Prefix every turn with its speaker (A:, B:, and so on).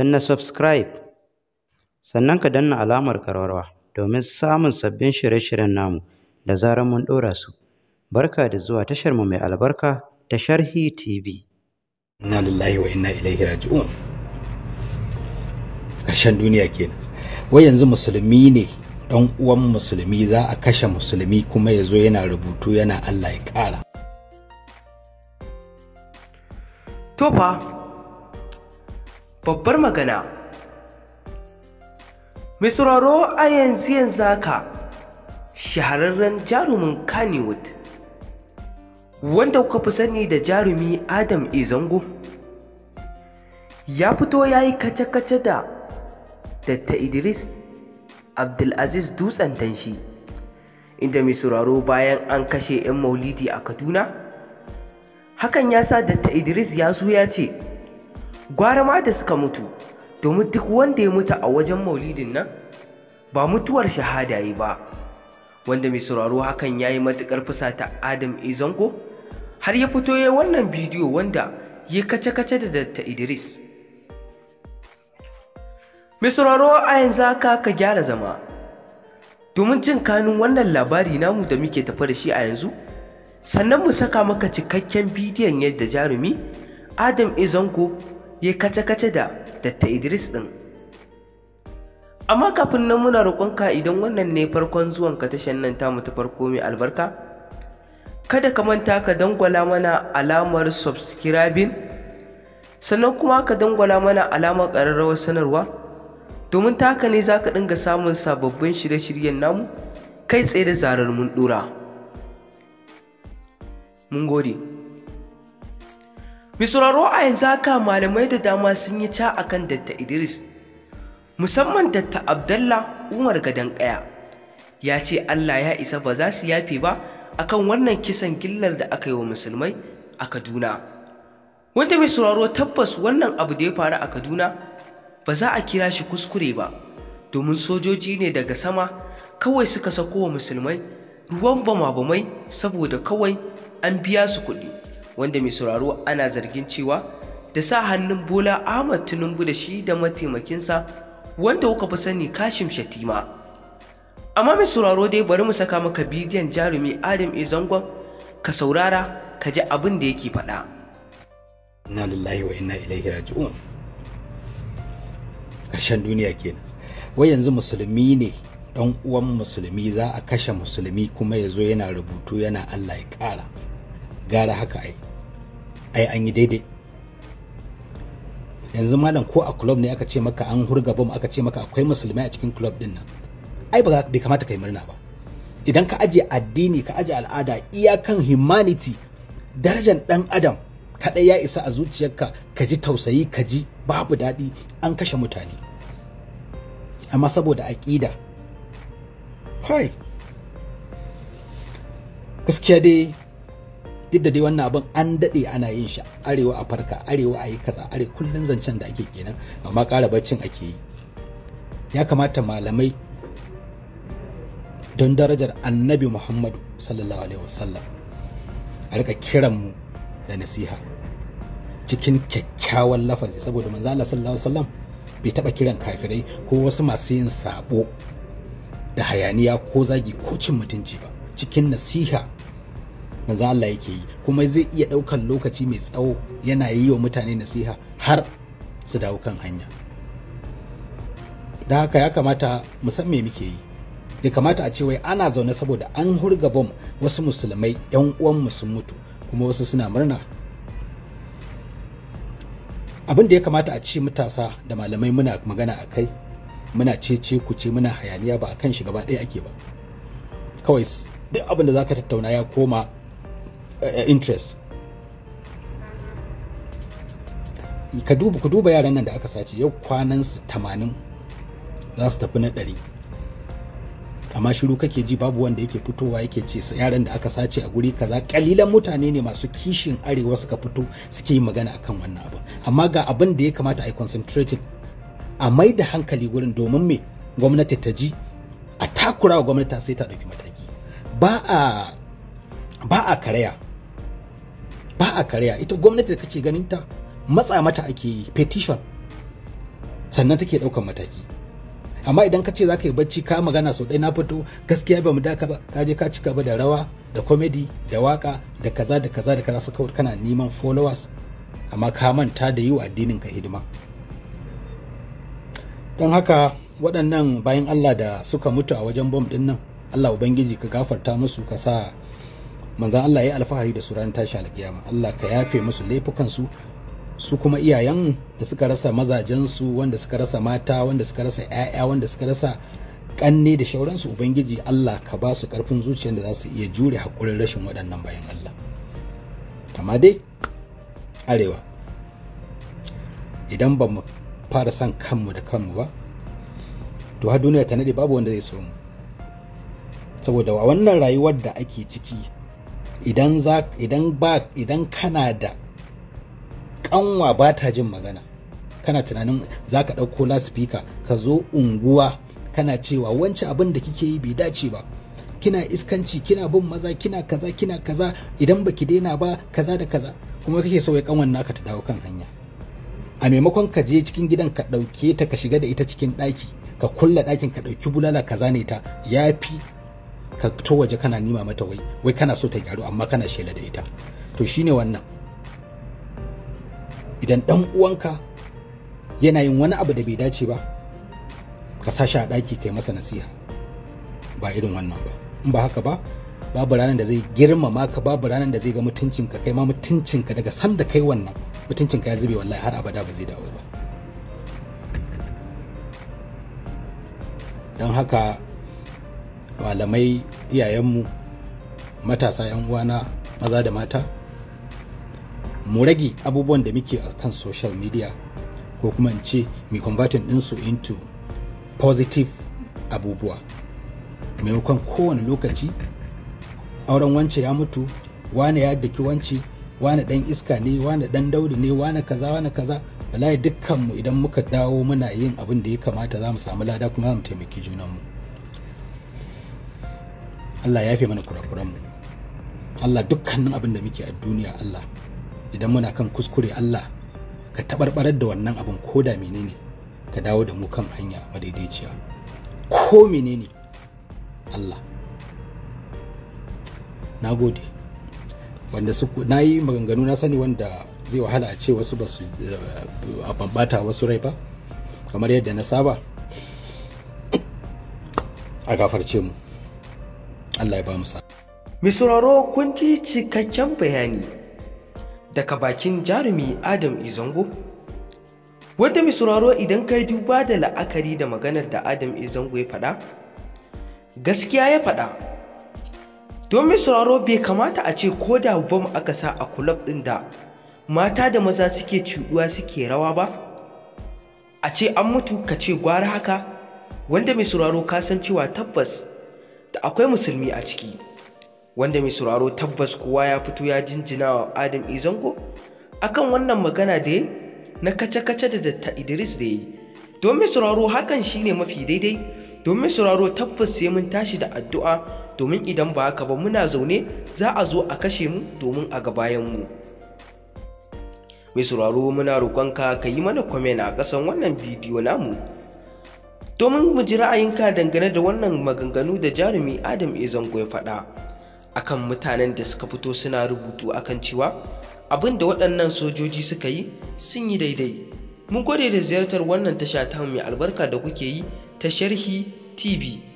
A: na subscribe sannan ka danna alamar karwarwa domin samun sabbin shirye-shiryen namu da zarar mun ɗora su barka da zuwa tashar
B: mu mai albarka ta sharhi tv inna lillahi wa inna ilaihi raji'un ƙarshen duniya kenan wai yanzu musulmi ne dan uwan musulmi za a kashe musulmi kuma ya zo yana rubutu yana Allah ya ƙara. fa
A: babbar magana mai sauraro a yanzu yanzu haka shahararren jarumin kannywood wanda kuka fi sani da jarumi adam izango ya fito ya yi kace-kace da datta idris abdulaziz dutsen tanshi inda mai sauraro bayan an kashe 'yan maulidi a kaduna hakan ya sa datta idris ya ya ce gwara ma da suka mutu domin duk wanda ya mutu a wajen maulidin nan ba mutuwar shahada yi ba wanda mai sauraro hakan ya yi matuƙar ta adam izango har ya fito ya wannan bidiyo wanda ya kace-kace da datta idris mai sauraro a yanzu haka ka gyara zama domin jin kanun wannan labari namu da muke tafa da shi a yanzu sannan mu saka maka cikakken bidiyon yadda jarumi adam izango ya kace-kace da datta Idris ɗin. Amma kafin nan muna roƙonka idan wannan ne farkon zuwanka tashan nan tamu ta farko mai albarka, kada ka manta ka dangwala mana alamar subscribing sannan kuma ka dangwala mana alamar ƙararrawar sanarwa domin ta haka ne za ka dinga samun sababbin shirye-shiryen namu kai tsaye da zarar mun ɗora. Mun gode. Misuraro a yanzu haka malamai da dama sun yi ca akan Datta Idris, musamman Datta Abdullah Umar gadan ƙaya Ya ce Allah ya isa ba za su yafe ba akan wannan kisan gillar da aka yi wa musulmai a Kaduna. Wanda mai tabbas wannan abu da ya faru a Kaduna ba za a kira shi kuskure ba, domin sojoji ne daga sama kawai suka sako wa musulmai ruwan bama-bamai saboda kawai an biya su kuɗi. wanda mai sauraro ana zargin cewa da sa hannun bola ahmad tinubu da shi da mataimakinsa wanda kuka fi sani kashim shatima amma mai sauraro dai bari mu saka maka bidiyon jarumi adam e zangon ka saurara ka ji abin da yake faɗa
B: na lullahi wa inna ilaihi raji'un ƙarshen duniya kenan wai yanzu musulmi ne dan uwan musulmi za a kashe musulmi kuma ya zo yana rubutu yana allah ya ƙara gara haka ai ai an yi daidai yanzu malam ko a club ne aka ce maka an hurga bom aka ce maka akwai musulmai a cikin club din nan ai ba bai kamata kai murna ba idan ka aje addini ka aje al'ada iyakan humanity darajar dan adam kadai ya isa a zuciyarka ka ji tausayi ka ji babu daɗi an kashe mutane amma saboda aƙida kai gaskiya dai duk da dai wannan abin an daɗe ana yin shi arewa a farka arewa a yi kaza are kullun zancen da ake kenan amma ƙara baccin ake yi ya kamata malamai don darajar annabi muhammadu sallallahu alaihi wasallam a rika kiran mu da nasiha cikin kyakkyawan lafazi saboda manzo Allah sallallahu alaihi wasallam bai taba kiran kafirai ko wasu masu yin sabo da hayaniya ko zagi ko cin mutunci ba cikin nasiha manzo Allah yake yi kuma zai iya ɗaukan lokaci mai tsawo yana yi wa mutane nasiha har su dawo kan hanya da haka ya kamata mu san me muke yi ya kamata a ce wai ana zaune saboda an hurga bom wasu musulmai yan uwanmu sun mutu kuma wasu suna murna abin da ya kamata a ce matasa da malamai muna magana a kai muna cece ku ce muna hayaniya ba akan shi gaba ɗaya ake ba kawai duk abin da zaka tattauna ya koma Eh, interest ka duba ku duba yaran nan da aka sace yau kwanan su 80 za su tafi na 100 amma shiru kake ji babu wanda yake fitowa yake ce yaran da aka sace a guri kaza kalilan mutane ne masu kishin arewa suka fito suke yi magana akan wannan abu amma ga abin da ya kamata a yi concentrating a mai da hankali wurin domin me gwamnati ta ji a takura gwamnati sai ta ɗauki mataki ba a ba a karaya ba a karya ita gwamnati da kake ganin ta matsa mata ake yi petition sannan take ɗaukan mataki amma idan ka ce za yi bacci ka magana sau ɗaya na fito gaskiya ba mu daka ba ka je ka cika ba da rawa da comedy da waka da kaza da kaza da kaza su kana neman followers amma ka manta da yi wa addinin ka hidima don haka waɗannan bayan Allah da suka mutu a wajen bom ɗin nan Allah Ubangiji ka gafarta musu ka sa manzan Allah ya yi alfahari da su ranar tashi alƙiyama Allah ka yafe musu laifukansu su kuma iyayen da suka rasa mazajensu wanda suka rasa mata wanda suka rasa 'ya'ya wanda suka rasa kanne da shauransu ubangiji Allah ka ba su karfin zuciyar da za su iya jure haƙurin rashin waɗannan bayan Allah amma dai arewa idan ba mu fara san kanmu da kanmu ba to har duniya ta nade babu wanda zai so mu saboda wa wannan rayuwar da ake ciki idan za idan ba idan kana da kanwa ba ta jin magana kana tunanin za ka ɗauko laspika ka zo unguwa kana cewa wancan abin da kike yi bai dace ba kina iskanci kina bin maza kina kaza kina kaza idan baki daina ba kaza da kaza kuma kake so ya kanwan naka ta dawo kan hanya a maimakon ka je cikin gidan ka ɗauke ta ka shiga da ita cikin ɗaki ka kulla ɗakin ka ɗauki bulala ka zane ta ya fi ka fito waje kana nima mata wai wai kana so ta gyaru amma kana shela da ita to shine wannan idan dan uwanka yana yin wani abu da bai dace ba ka sashi a daki kai masa nasiha ba irin wannan ba in ba haka ba babu ranar da zai girmama ka babu ranar da zai ga mutuncinka kai ma mutuncinka daga san da kai wannan mutuncinka ya zube wallahi har abada ba zai dawo ba don haka malamai iyayenmu matasa 'yan uwana maza da mata mu rage abubuwan da muke a kan social media ko kuma in ce convert converting ɗinsu into positive abubuwa maimakon kowane lokaci auren wance ya mutu wane ya daki wance wane dan iska ne wane dan daudi ne wane kaza wane kaza wallahi dukkanmu idan muka dawo muna yin abin da ya kamata za mu samu lada kuma za mu taimaki junanmu Allah ya fi mana kurakuranmu Allah dukkanin abin da muke a duniya Allah idan muna kan kuskure Allah ka tabarbarar da wannan abin ko da menene ka dawo da mu kan hanya madaidaiciya ko menene Allah na wanda su na maganganu na sani wanda zai wahala a ce wasu ba su eh, a bambata wasu rai ba kamar yadda na saba a gafarce mu Allah ya ba mu
A: sa'a. kun ji cikakken bayani daga bakin jarumi Adam Izango? Wanda misraro idan ka yi duba da la'akari da maganar da Adam Izango ya faɗa? Gaskiya ya faɗa. Don misraro bai kamata a ce ko da bam aka sa a kulab ɗin da mata da maza suke cuɗuwa suke rawa ba? A ce an mutu ka ce gwara haka? Wanda mai sauraro ka san cewa tabbas da akwai musulmi a ciki wanda mai sauraro tabbas kowa ya fito ya jinjina wa adam izango akan wannan magana da na kace-kace da datta idris da yi don mai sauraro hakan shine mafi daidai don mai sauraro tabbas sai mun tashi da addu'a domin idan ba haka ba muna zaune za a zo a kashe mu domin a ga bayan mu mai sauraro muna roƙonka ka yi mana kwame a ƙasan wannan bidiyo namu domin mu ji ra'ayinka dangane da wannan maganganu da jarumi adam e zango ya faɗa akan mutanen da suka fito suna rubutu akan cewa abin da waɗannan sojoji suka yi sun yi daidai mun gode da ziyartar wannan tasha ta mai albarka da kuke yi ta sharhi tv